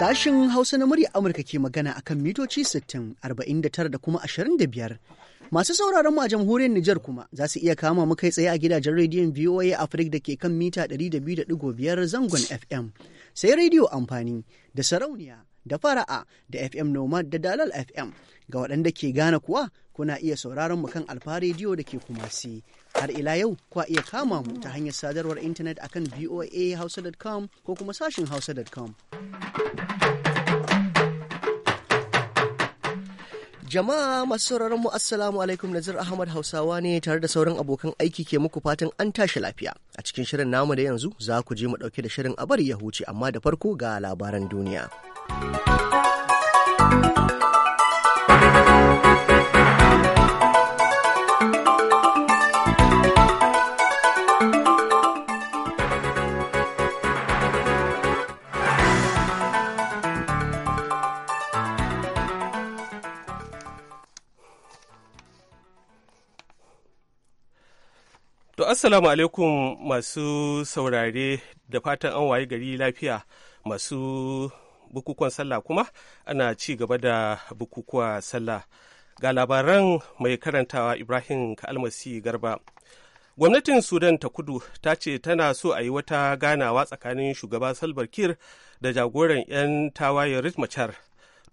Sashen Hausa na murya Amurka ke magana akan mitoci 60, 49 da kuma 25. Masu sauraron mu a jamhuriyar Nijar kuma za su iya kama mu kai tsaye a gidajen rediyon VOA Africa da ke kan mita 200.5 zangon FM. Sai rediyo amfani da sarauniya da fara'a da FM Nomad da Dalal FM. Ga waɗanda ke gane kuwa kuna iya sauraron mu kan Alfa rediyo da ke Kumasi. Har ila yau kuwa iya kama mu ta hanyar sadarwar intanet akan voahausa.com ko kuma sashin hausa.com. Jama'a masu sauraron mu Assalamu alaikum Nazir Ahmad Hausawa ne tare da sauran abokan aiki ke muku fatan an tashi lafiya. A cikin shirin namu da yanzu za ku je mu ɗauke da shirin a bari ya huce amma da farko ga labaran duniya. assalamu alaikum masu saurare da fatan an waye gari lafiya masu bukukuwan sallah kuma ana ci gaba da bukukuwa sallah ga labaran mai karantawa ibrahim kalmasi garba gwamnatin sudan ta kudu ta ce tana so a yi wata ganawa tsakanin shugaba salbar kir da jagoran 'yan tawayen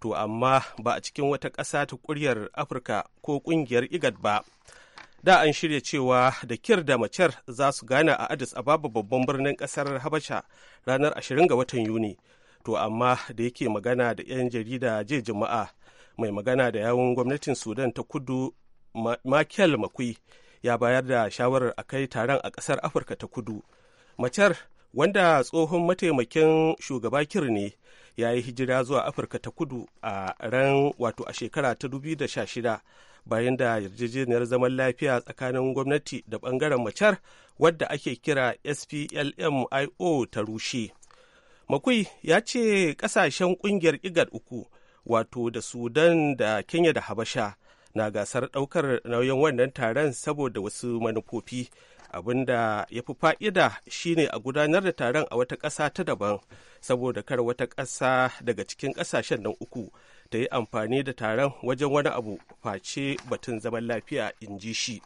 to amma ba a cikin wata ƙasa ta ƙuryar afirka ko ƙungiyar igad ba da an shirya cewa da kir da macer za su gana a addis ababa babban birnin kasar habasha ranar 20 ga watan yuni to amma da yake magana da 'yan jarida jiya juma'a mai magana da yawun gwamnatin sudan ta kudu makel makui ya bayar da shawarar a kai taron a kasar afirka ta kudu macer wanda tsohon mataimakin shugaba kir ne ya yi hijira zuwa afirka ta kudu a ran wato a shekara ta 2016 bayan da yarjejeniyar zaman lafiya tsakanin gwamnati da bangaren macar wadda ake kira splmio ta rushe makui ya ce kasashen kungiyar igad uku wato da sudan da kenya da habasha na gasar daukar nauyin wannan taron saboda wasu manufofi abin da ya fi fa'ida shine a gudanar da taron a wata ƙasa ta daban saboda kar wata ƙasa daga cikin ƙasashen nan uku ta yi amfani da taron wajen wani abu face batun zaman lafiya in ji shi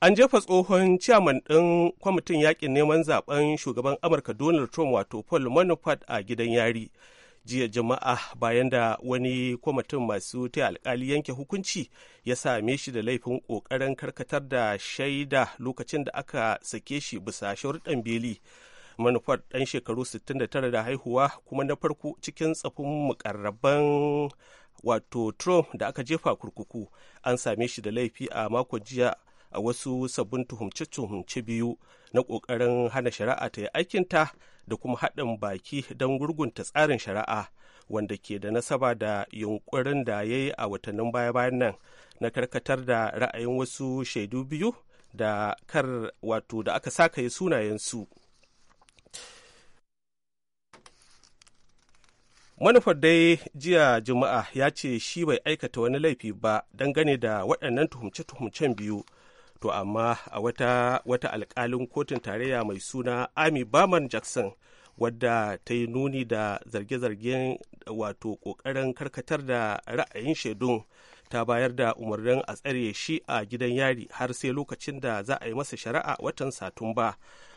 an jefa tsohon ciaman ɗin kwamitin yaƙin neman zaben shugaban amurka donald trump wato paul manafort a gidan yari jiya jama'a bayan da wani kwamitin masu ta alkali yanke hukunci ya same shi da laifin ƙoƙarin karkatar da shaida lokacin da aka sake shi bisa sharuɗan beli manufar ɗan shekaru 69 da haihuwa kuma na farko cikin tsafin mukarraban wato trump da aka jefa kurkuku an same shi da laifi a mako jiya a wasu sabbin tuhumce-tuhumce biyu na ƙoƙarin hana shari'a ta yi aikinta da kuma haɗin baki don gurgunta tsarin shari'a wanda ke da nasaba da yunkurin da ya yi a watannin baya-bayan nan na karkatar da ra'ayin wasu shaidu biyu da kar wato da aka sakaye sunayensu. manufar dai jiya juma'a ya ce shi bai aikata wani laifi ba dangane da waɗannan tuhumce-tuhumcen biyu to amma a wata wata alkalin kotun tarayya mai suna ami baman jackson wadda ta yi nuni da zarge-zargen wato ƙoƙarin karkatar da ra'ayin shaidun ta bayar da umarnin a tsare shi a gidan yari har sai lokacin da za a yi masa shari'a watan satumba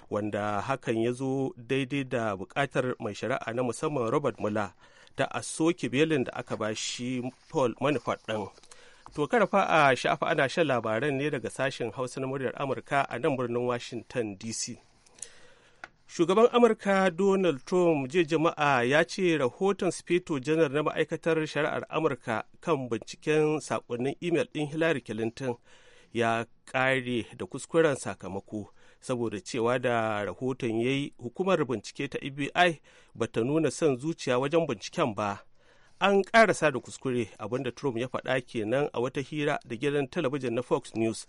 wanda hakan ya zo daidai da bukatar mai shari'a na musamman robert mula ta a soke belin da aka ba shi paul manafort ɗin to karfa a shafa ana shan labaran ne daga sashen hausa na muryar amurka a nan birnin washington dc shugaban amurka donald trump jiya jama'a ya ce rahoton speto janar na ma'aikatar shari'ar amurka kan binciken sakonnin imel ɗin hillary clinton ya kare da kuskuren sakamako saboda cewa da rahoton ya yi hukumar bincike ta FBI e ba ta nuna son zuciya wajen binciken ba. An karasa da kuskure abinda Trump ya faɗa kenan a wata hira da gidan talabijin na Fox News.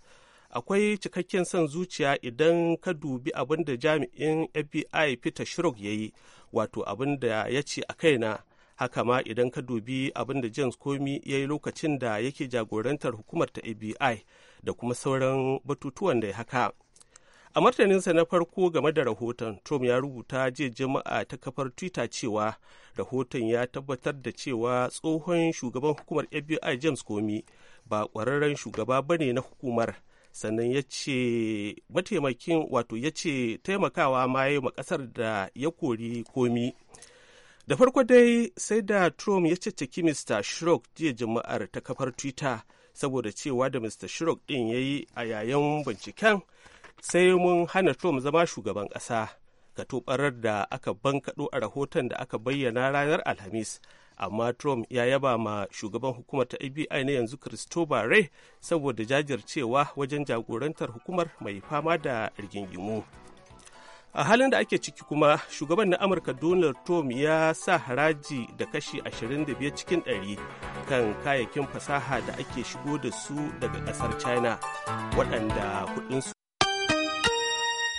Akwai cikakken son zuciya idan ka dubi abinda jami'in FBI Peter Shrug ya yi, wato abinda ya ce a kaina. Haka ma idan ka dubi abinda James Comey ya yi lokacin da yake jagorantar hukumar ta FBI e da kuma sauran batutuwan da ya haka. a martaninsa na farko game da rahoton trump ya rubuta jiya jama'a ta kafar twitter cewa rahoton ya tabbatar da cewa tsohon shugaban hukumar fbi james comey ba kwararren shugaba bane na hukumar sannan ya ce mataimakin wato ya ce taimakawa ma ya kasar da ya kori komi da farko dai sai da trump ya caccaki mr shirok jiya jama'ar ta kafar twitter saboda cewa da mr shirok din ya yi a yayin binciken sai mun hana Trump zama shugaban ƙasa ga tobarar da aka bankaɗo a rahoton da aka bayyana ranar Alhamis. Amma Trump ya yaba ma shugaban hukumar ta FBI na yanzu Christopher Ray saboda jajircewa wajen jagorantar hukumar mai fama da rigingimu. A halin da ake ciki kuma shugaban na Amurka Donald Trump ya sa haraji da kashi 25 cikin 100 kan kayayyakin fasaha da ake shigo da su daga kasar China waɗanda kuɗinsu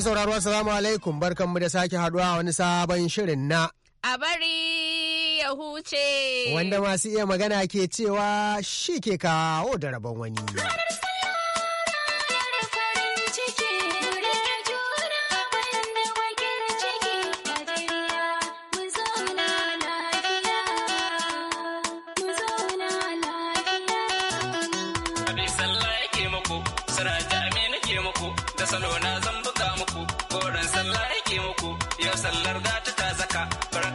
Mai sauraro assalamu alaikum barkanmu da sake haduwa a wani sabon shirin na a bari ya huce wanda masu iya magana ke cewa shi ke kawo da rabon wani.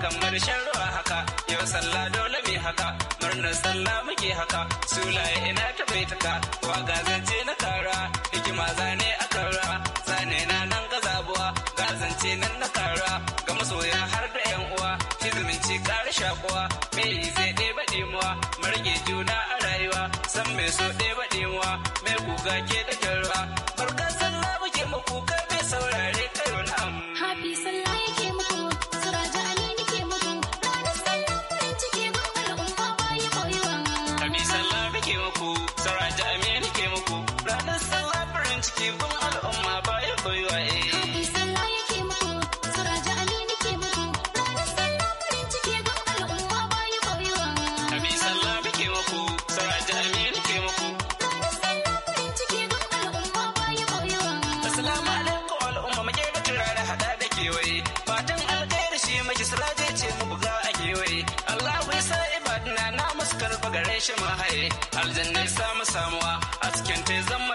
kamar shan ruwa haka yau sallah dole mai haka murnar sallah muke haka sulaye ina ta bai taka waga zance na kara hikima zane a kara zane na nan ga zabuwa ga zance nan na kara ga masoya har da yan uwa ki zumunci kara shakuwa mai zai ɗeba ɗemuwa marge juna a rayuwa san mai so ɗeba ɗemuwa mai kuka ke da shi mahaye aljanna samu samuwa a cikin te zama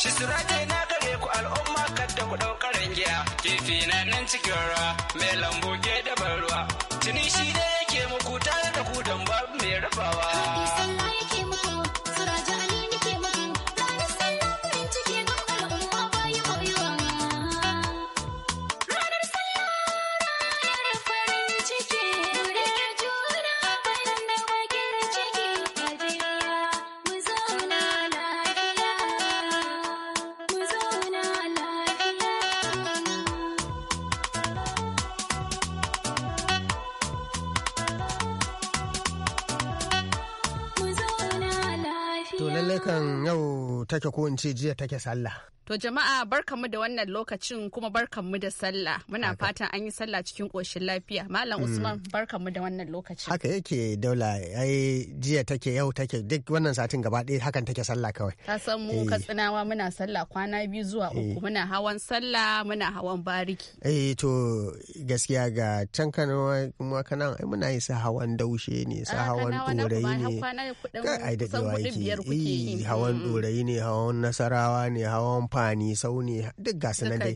shi siraje na gare ku al'umma kadda ku ɗau giya kifi na nan cikin ruwa mai lambu ke da ruwa tuni shi ne yake muku tare da ku don babu mai rabawa hakan yau take ko in ce jiya take sallah To jama'a barkanmu da wannan lokacin kuma barkanmu da sallah. Muna fatan an yi sallah cikin ƙoshin lafiya. Malam mm. Usman barkanmu da wannan lokacin. Haka yake daula ai jiya take yau take duk wannan satin gaba ɗaya hakan take sallah kawai. Ta san mu eh. katsinawa muna sallah kwana biyu zuwa eh. uku muna hawan sallah muna hawan bariki. Eh to gaskiya ga can Kano kuma kana ai muna yi sa hawan daushe ne sa hawan ɗorayi ne. Ai daɗewa yake. Eh, hawan mm. ɗorayi ne hawan nasarawa ne hawan amfani ne duk gasu nan dai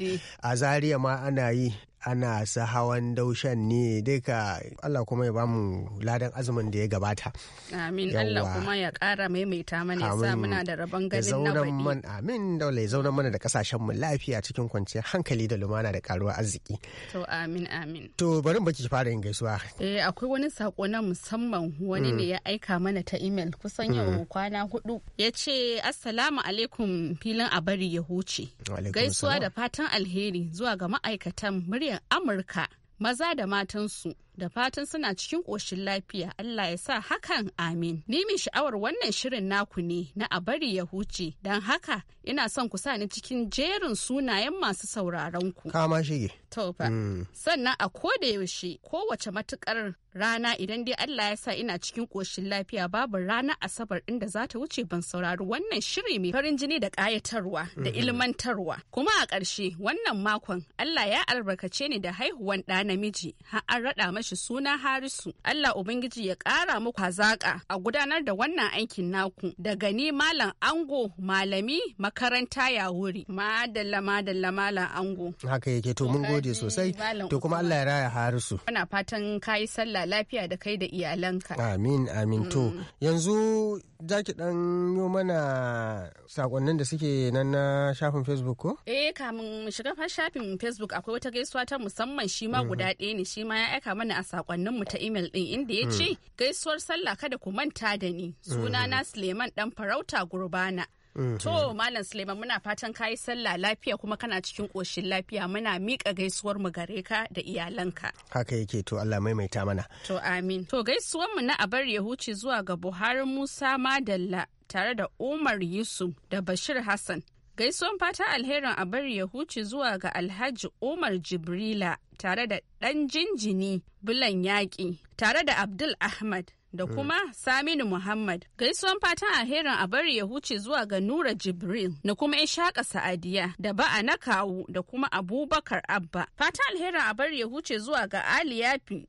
a zaria ma ana yi ana su hawan daushen ne duka Allah kuma ya bamu ladan azumin da ya gabata. Amin Allah kuma ya kara maimaita mana ya sa muna da rabon ganin na Amin daula ya zauna mana da kasashen mu lafiya cikin kwanciyar hankali da lumana da karuwa arziki. To amin amin. To bari baki fara yin gaisuwa. Eh akwai wani sako na musamman wani hmm. ne ya aika mana ta email kusan yau hmm. kwana hudu. Ya ce assalamu alaikum filin a bari ya huce. Gaisuwa da fatan alheri zuwa ga ma'aikatan murya Amurka maza da matansu da fatan suna cikin koshin lafiya Allah ya sa hakan amin. Ni mai sha'awar wannan shirin naku ne na a bari ya huce don haka ina son ku sa ni cikin jerin sunayen masu sauraron ku. Kama shige. To mm. Sannan a koda yaushe kowace matukar rana idan dai Allah ya sa ina cikin koshin lafiya babu rana asabar inda za ta wuce ban saurari wannan shiri mai farin jini da ƙayatarwa da mm-hmm. ilmantarwa. Kuma a ƙarshe wannan makon Allah ya albarkace ni da haihuwan ɗa namiji har an raɗa shi suna Harisu. Allah Ubangiji ya ƙara muku hazaƙa a gudanar da wannan aikin naku. Daga ni Malam Ango Malami makaranta ya wuri. Madalla madalla Malam Ango. Haka yake to mun gode sosai. To kuma Allah ya raya Harisu. Ana fatan kayi sallah lafiya da kai da iyalanka. Amin amin to mm. yanzu za ki dan yi mana sakonnin da suke nan na shafin facebook ko? eh kamun shiga shafin facebook akwai wata gaisuwa ta musamman shi ma guda ɗaya ne shi ma ya aika mana a sakonnin mu ta email ɗin inda ya ce hmm. gaisuwar sallah kada ku manta da ni hmm. suna na suleiman dan farauta gurbana To mhm. Malam Suleiman muna fatan ka yi sallah lafiya kuma kana cikin ƙoshin lafiya muna miƙa gaisuwar mu gare ka da iyalanka. Haka yake to Allah maimaita mana. To amin. To gaisuwar mu na abar ya huce zuwa ga Buhari Musa Madalla tare da Umar Yusuf da Bashir Hassan. Gaisuwan fata alherin abar ya huce zuwa ga Alhaji Umar Jibrila tare da ɗan jinjini bulan yaƙi tare da Abdul Ahmad da eh. kuma Saminu Muhammad. Gaisuwan fatan alherin a bari ya huce zuwa ga Nura Jibril Na kuma Ishaka Sa'adiya da ba'a na kawu da kuma Abubakar Abba. Fatan alherin a bari ya huce zuwa ga Ali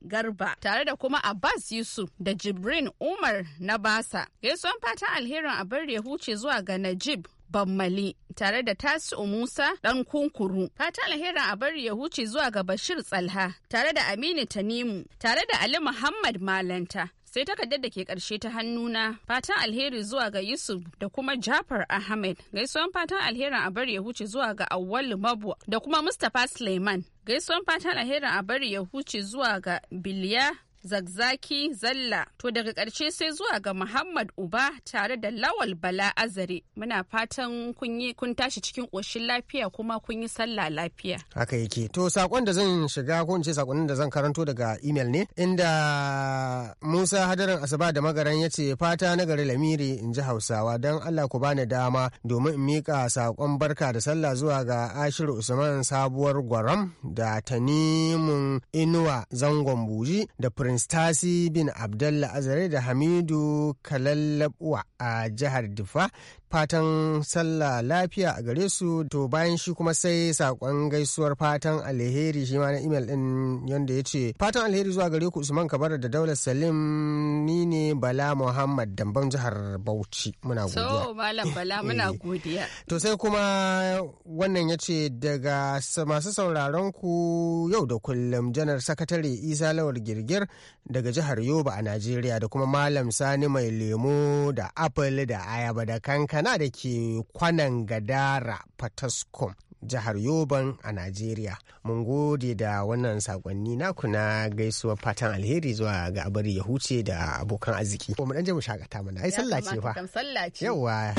Garba tare da kuma Abbas Yusuf da jibril Umar na Basa. Gaisuwan fatan alherin a bari ya huce zuwa ga Najib Bammali tare da Tasi'u Musa Dan kunkuru. Fata alherin a bari ya huce zuwa ga Bashir Tsalha tare da Aminu Tanimu tare da Ali Muhammad Malanta sai takardar da ke karshe ta hannuna fatan alheri zuwa ga yusuf da kuma jafar ahmed gaisuwan fatan alherin a bari ya huce zuwa ga awwal mabu da kuma mustapha suleiman gaisuwan fatan alherin a bari ya huce zuwa ga biliya Zagzaki Zalla to daga ƙarshe sai zuwa ga Muhammad Uba tare da Lawal Bala Azare muna fatan kun yi kun tashi cikin ƙoshin lafiya kuma kun yi sallah lafiya. Haka yake to sakon da zan shiga ko in ce sakonin da zan karanto daga email ne inda Musa Hadarin Asaba da Magaran ya ce fata na gari Lamiri in ji Hausawa don Allah ku bani dama domin in mika sakon barka da sallah zuwa ga Ashiru Usman Sabuwar Gwaram da Tanimun Inuwa Zangon Buji da prince tasi bin abdallah azare da hamidu kalallabuwa a jihar difa fatan sallah lafiya a gare su to bayan shi kuma sai sakon gaisuwar fatan alheri shi ma na imel din yanda ya ce fatan alheri zuwa gare ku usman kabar da daular salim ni ne bala muhammad damban jihar bauchi muna godiya so malam bala eh. muna godiya to sai kuma wannan ya ce daga masu sauraron ku yau da kullum janar sakatare isa lawar girgir daga jihar yoba a najeriya da kuma malam sani mai lemo da apple da ayaba da kanka kana da ke kwanan gadara fataskom jihar yoban a najeriya mun gode da wannan sakonni naku na gaisuwar fatan alheri zuwa ga abari ya huce da abokan arziki mu dan je mu shakata mana ai sallah ce fa yawa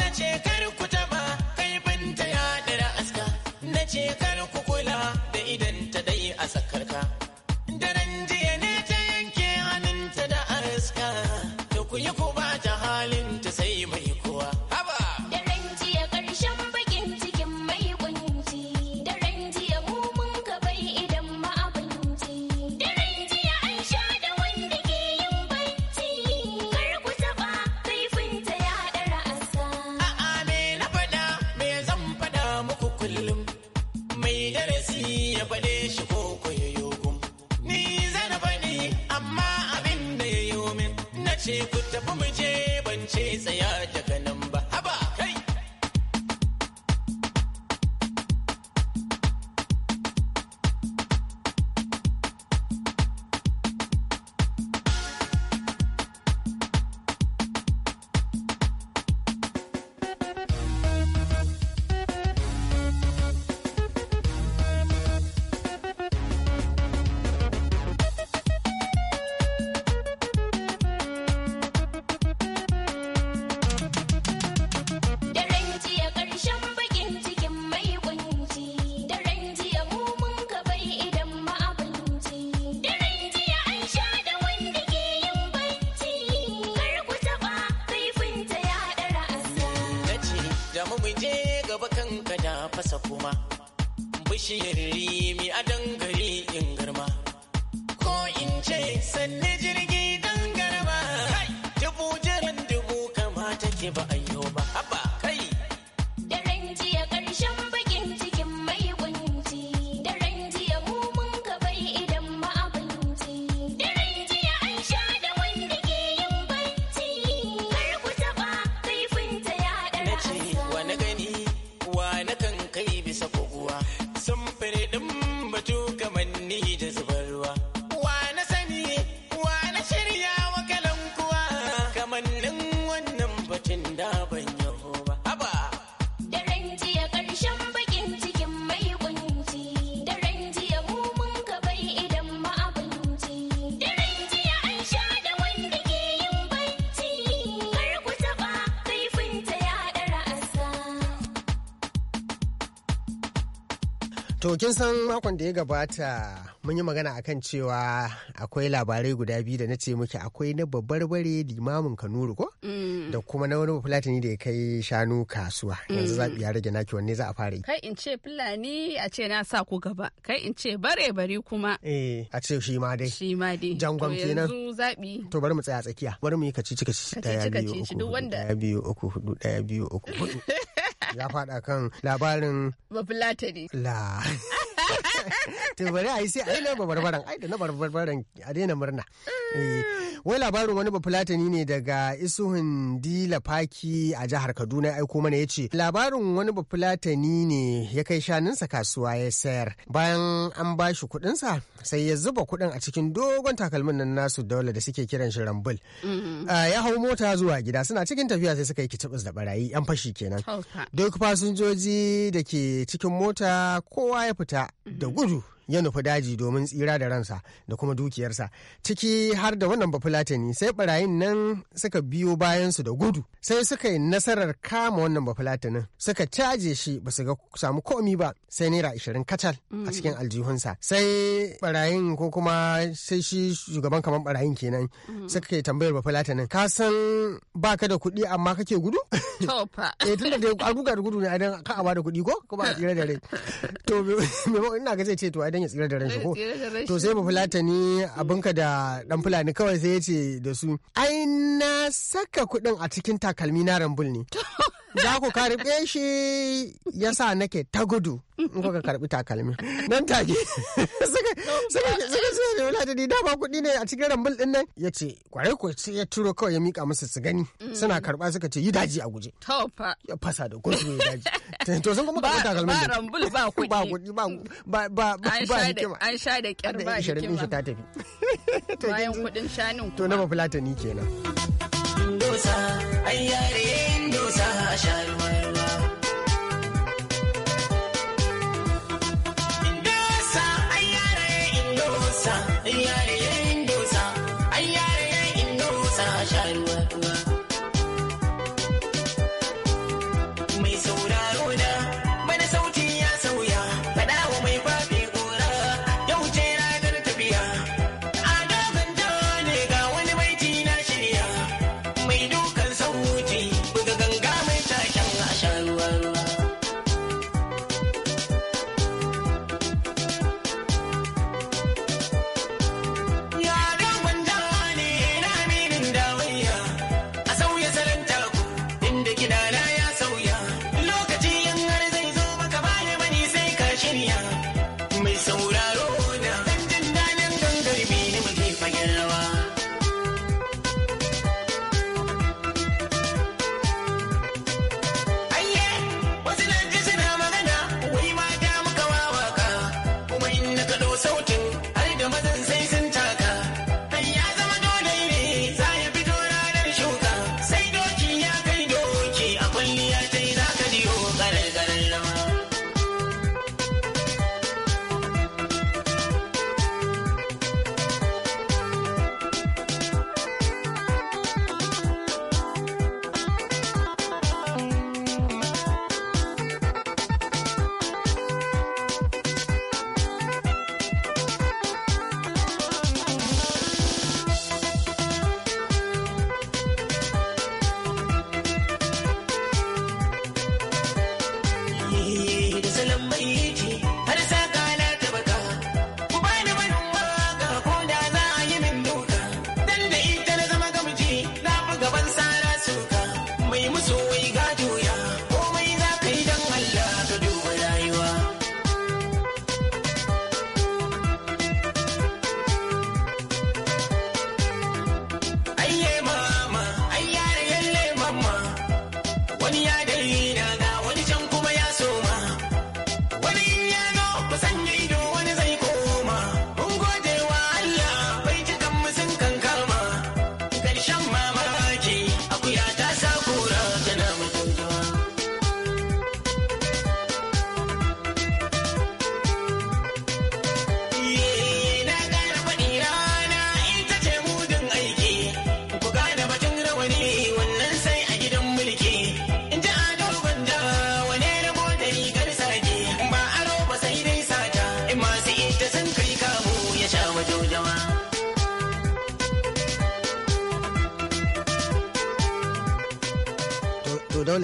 na ce kar ku taba bin ta yadda aska na ce kar To kin san makon da ya gabata mun yi magana akan cewa akwai labarai guda biyu da na ce muke akwai na babbar bare limamin Kanuru ko? Mm. Da kuma na wani Fulatani da ya kai shanu kasuwa. Yanzu mm. zaɓi ya rage naki wanne za a fara yi. Kai in ce Fulani a ce na sa ku gaba. Kai in ce bare bare kuma. Eh a ce shi ma dai. Shi ma dai. Jangon kenan. To yanzu zaɓi. To bari mu tsaya tsakiya. Bari mu yi kacici kacici. Kacici duk wanda. Ɗaya biyu uku hudu ɗaya biyu uku hudu. ya faɗa kan labarin bafulatani la to bari a yi sai a yi na barbaran ai da na barbaran a daina murna eh, wai labarin wani bafulatani ne daga isuhun dila faki a jihar kaduna ya aiko mana ya ce labarin wani bafulatani ne ya kai shanunsa kasuwa ya sayar bayan an ba shi kuɗinsa sai ya zuba kuɗin a cikin dogon takalmin nan nasu dole da suke kiran shi rambul mm-hmm. ah, ya hau mota zuwa gida suna cikin tafiya sai suka yi kitabus da barayi yan fashi kenan duk fasinjoji da ke cikin mota kowa ya fita da gudu ya nufi daji domin tsira da ransa da kuma dukiyarsa ciki har da wannan bafulatani sai barayin nan suka biyo bayansu da gudu sai suka yi nasarar kama wannan bafulatanin suka caje shi ba su ga samu komi ba sai naira ashirin kacal a mm. cikin aljihunsa sai barayin ko kuma sai shi shugaban kamar barayin kenan mm. suka yi tambayar bafulatanin ka san ba ka da kuɗi amma kake gudu? eh tunda da gudu ne a ka a bada kuɗi ko kuma a tsira da rai to ina ga zai ce to a dan ya tsira da ran ko to sai ba fulatani abinka da dan fulani kawai sai yace ce da su ai na saka kuɗin a cikin takalmi na rambul ne za ku karɓe shi yasa nake ta gudu in kuka karbi takalmin nan take suka suka suka da wala da ba kuɗi ne a cikin rambul din nan yace kware ko sai ya turo kawai ya mika musu su gani mm. suna karba suka ce yi daji a guje to fa ya fasa da ko su yi daji to sun kuma karbi takalmin ba rambul ba kudi ba kuɗi ba ba ba ba an sha da kyar ba shi ta tafi bayan kuɗin shanin to na ba fulatani kenan dosa ayyare dosa sharu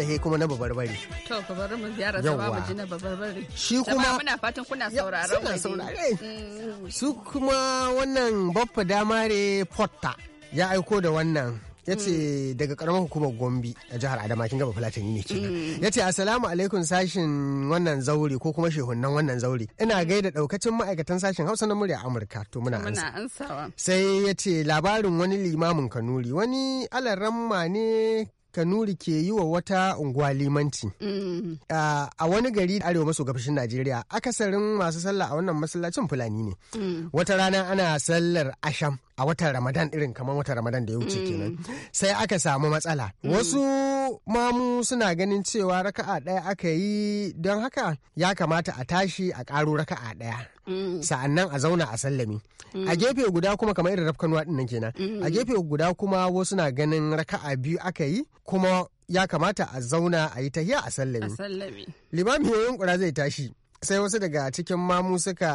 he kuma na babarbare. To ka bari mu ziyara sa ba ji na Shi kuma muna fatan kuna sauraron mu. saurare. Mm. Su kuma wannan baffa damare Potter ya aiko da wannan ya ce mm. daga karamar hukumar gombe a jihar adama kin gaba fulatani ne ke mm. ya ce assalamu alaikum sashin wannan zaure ko kuma shehunan wannan zaure ina gaida daukacin ma'aikatan sashin hausa na murya amurka to muna ansawa. sai ya ce labarin wani limamin kanuri wani alaramma ne kanuri ke yi wa wata unguwa limanci mm. a wani gari da arewa maso gabashin najeriya akasarin masu sallah a wannan masallacin fulani ne mm. wata rana ana sallar asham a watan ramadan irin kamar watan ramadan da ya wuce mm. kenan sai aka samu matsala mm. wasu mamu suna ganin cewa raka'a ɗaya aka yi don haka ya kamata a tashi a ƙaro raka'a ɗaya mm. sa'annan a zauna a sallami a gefe guda kuma kamar irin rafkan ɗin nan kenan a gefe guda kuma wasu na ganin raka'a biyu aka yi kuma ya kamata a zauna a yi tahiya a sallami limami yoyin kura zai tashi sai wasu daga cikin mamu suka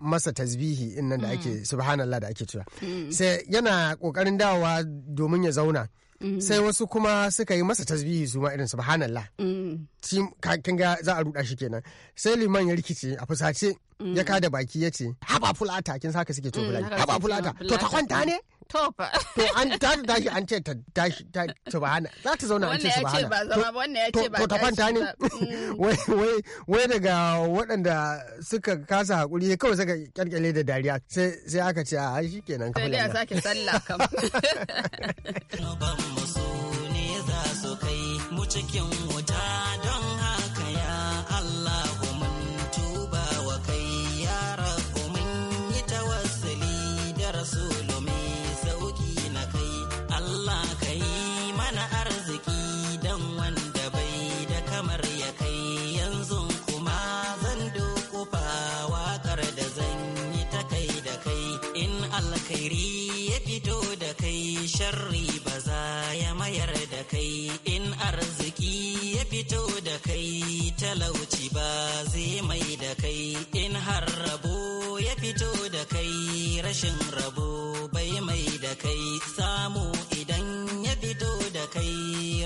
masa tasbihi in nan da mm. ake subhanallah da ake cewa mm. sai yana kokarin dawowa domin ya zauna mm. sai wasu kuma suka yi masa tasbihi su ma irin subhanallah kin ga za a ruda shi kenan sai liman ya rikice a fusace ya kada baki ya ce haba fulata kin saka suke to fulata haba fulata to ta kwanta ne To fa. To an ta tashi an ce ta tashi ta subhana za ta zauna an ce subhana. Wannan ya ce ba zama ya ce ba. To ta fanta ne. Mm. Wai wai daga waɗanda suka kasa hakuri kawai suka kyalkyale da dariya sai sai aka ce a shi kenan kamar. Sai dai a sake sallah kam. Rabban masu ne za su kai mu cikin wuta don talauci ba zai mai da kai in har rabo ya fito da kai rashin rabo bai mai da kai samu idan ya fito da kai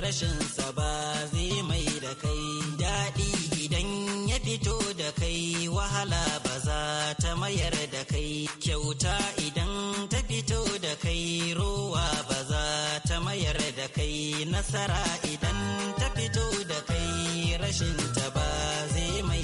rashin sa ba zai mai da kai daɗi idan ya fito da kai wahala ba za ta mayar da kai kyauta idan ta fito da kai ruwa ba za ta mayar da kai nasara idan ta rashin ta ba zai mai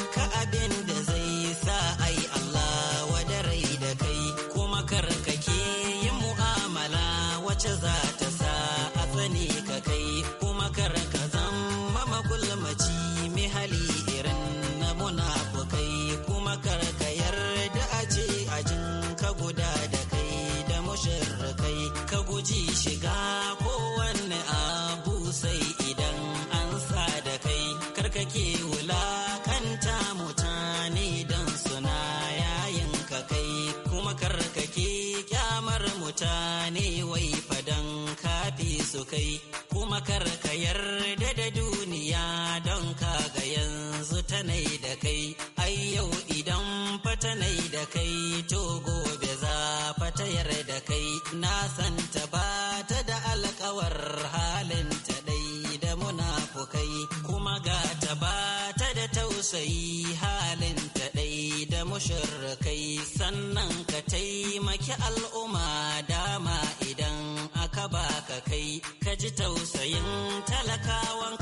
kai kuma karka yarda da duniya don kaga yanzu tanai da kai ai yau idan fatanai da kai to gobe za fatayar da kai na santa ba ta da alkawar ta dai da munafukai kuma ga ta bata da tausayi halin ta dai da mushrikai sannan ka taimaki al'umma ba ka kai ka ji tausayin talakawan